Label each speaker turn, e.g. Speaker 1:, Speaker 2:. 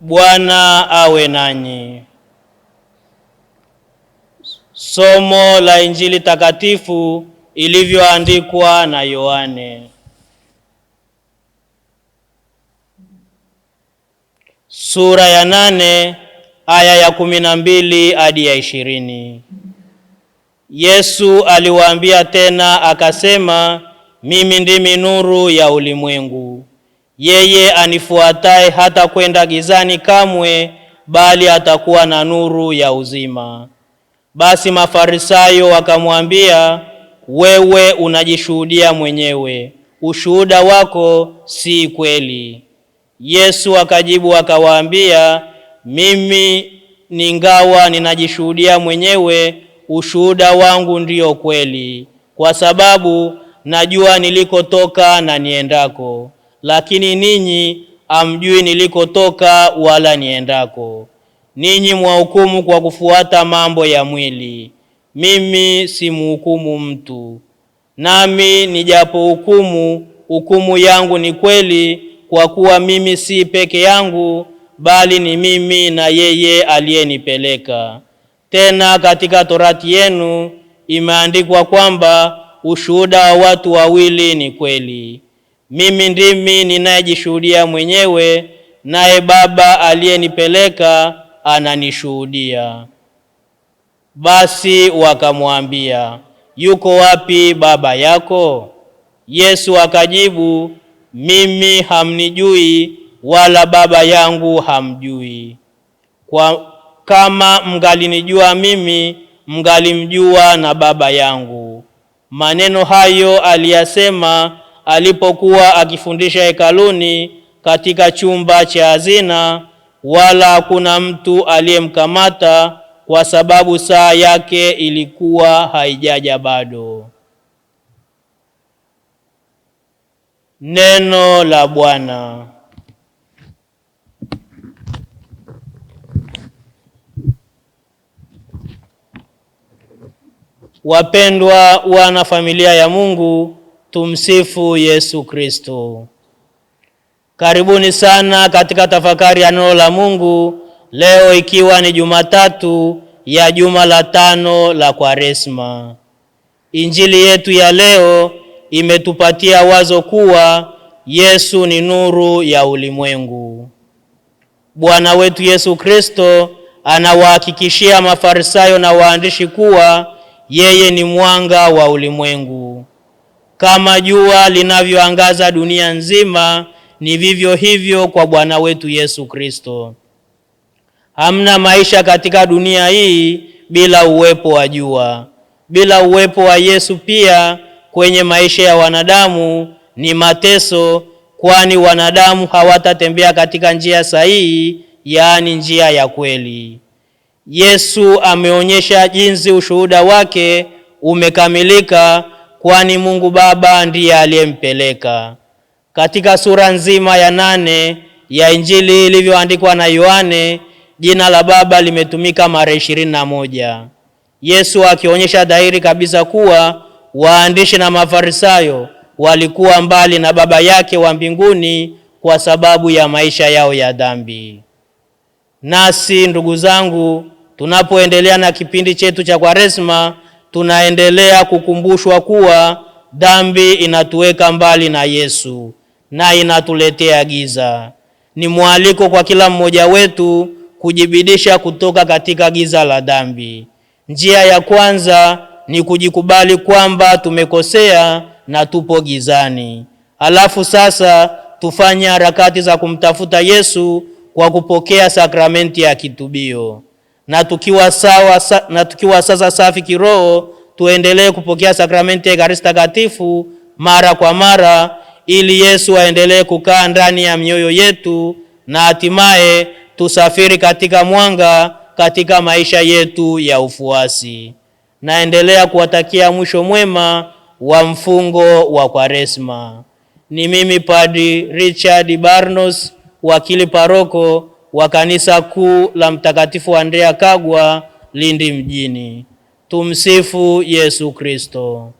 Speaker 1: Bwana awe nanyi. Somo la Injili takatifu ilivyoandikwa na Yohane. Sura ya nane aya ya kumi na mbili hadi ya ishirini. Yesu aliwaambia tena akasema, mimi ndimi nuru ya ulimwengu yeye anifuataye hata kwenda gizani kamwe, bali atakuwa na nuru ya uzima. Basi Mafarisayo wakamwambia, wewe unajishuhudia mwenyewe, ushuhuda wako si kweli. Yesu akajibu akawaambia, mimi ningawa ninajishuhudia mwenyewe, ushuhuda wangu ndiyo kweli, kwa sababu najua nilikotoka na niendako lakini ninyi hamjui nilikotoka wala niendako. Ninyi mwahukumu kwa kufuata mambo ya mwili, mimi simhukumu mtu. Nami hukumu, hukumu yangu ni kweli, kwa kuwa mimi si peke yangu, bali ni mimi na yeye aliyenipeleka. Tena katika Torati yenu imeandikwa kwamba ushuhuda wa watu wawili ni kweli mimi ndimi ninayejishuhudia mwenyewe, naye Baba aliyenipeleka ananishuhudia. Basi wakamwambia, yuko wapi baba yako? Yesu akajibu, mimi hamnijui wala baba yangu hamjui. Kwa kama mngalinijua mimi, mngalimjua na baba yangu. Maneno hayo aliyasema alipokuwa akifundisha hekaluni katika chumba cha hazina, wala hakuna mtu aliyemkamata kwa sababu saa yake ilikuwa haijaja bado. Neno la Bwana. Wapendwa wana familia ya Mungu, Tumsifu Yesu Kristo. Karibuni sana katika tafakari ya neno la Mungu leo, ikiwa ni Jumatatu ya juma la tano la Kwaresma. Injili yetu ya leo imetupatia wazo kuwa Yesu ni nuru ya ulimwengu. Bwana wetu Yesu Kristo anawahakikishia Mafarisayo na waandishi kuwa yeye ni mwanga wa ulimwengu. Kama jua linavyoangaza dunia nzima, ni vivyo hivyo kwa Bwana wetu Yesu Kristo. Hamna maisha katika dunia hii bila uwepo wa jua. Bila uwepo wa Yesu pia kwenye maisha ya wanadamu ni mateso, kwani wanadamu hawatatembea katika njia sahihi, yaani njia ya kweli. Yesu ameonyesha jinsi ushuhuda wake umekamilika kwani Mungu Baba ndiye aliyempeleka. Katika sura nzima ya nane ya Injili ilivyoandikwa na Yohane, jina la Baba limetumika mara ishirini na moja. Yesu akionyesha dhahiri kabisa kuwa waandishi na Mafarisayo walikuwa mbali na Baba yake wa mbinguni kwa sababu ya maisha yao ya dhambi. Nasi ndugu zangu, tunapoendelea na kipindi chetu cha Kwaresma tunaendelea kukumbushwa kuwa dhambi inatuweka mbali na Yesu na inatuletea giza. Ni mwaliko kwa kila mmoja wetu kujibidisha kutoka katika giza la dhambi. Njia ya kwanza ni kujikubali kwamba tumekosea na tupo gizani. Alafu sasa tufanye harakati za kumtafuta Yesu kwa kupokea sakramenti ya kitubio na tukiwa sawa sa, na tukiwa sasa safi kiroho tuendelee kupokea sakramenti ya Ekaristi Takatifu mara kwa mara ili Yesu aendelee kukaa ndani ya mioyo yetu na hatimaye tusafiri katika mwanga katika maisha yetu ya ufuasi. Naendelea kuwatakia mwisho mwema wa mfungo wa Kwaresma. Ni mimi Padri Richard Barnos, wakili paroko wa Kanisa Kuu la Mtakatifu Andrea Kagwa, Lindi mjini. Tumsifu Yesu Kristo.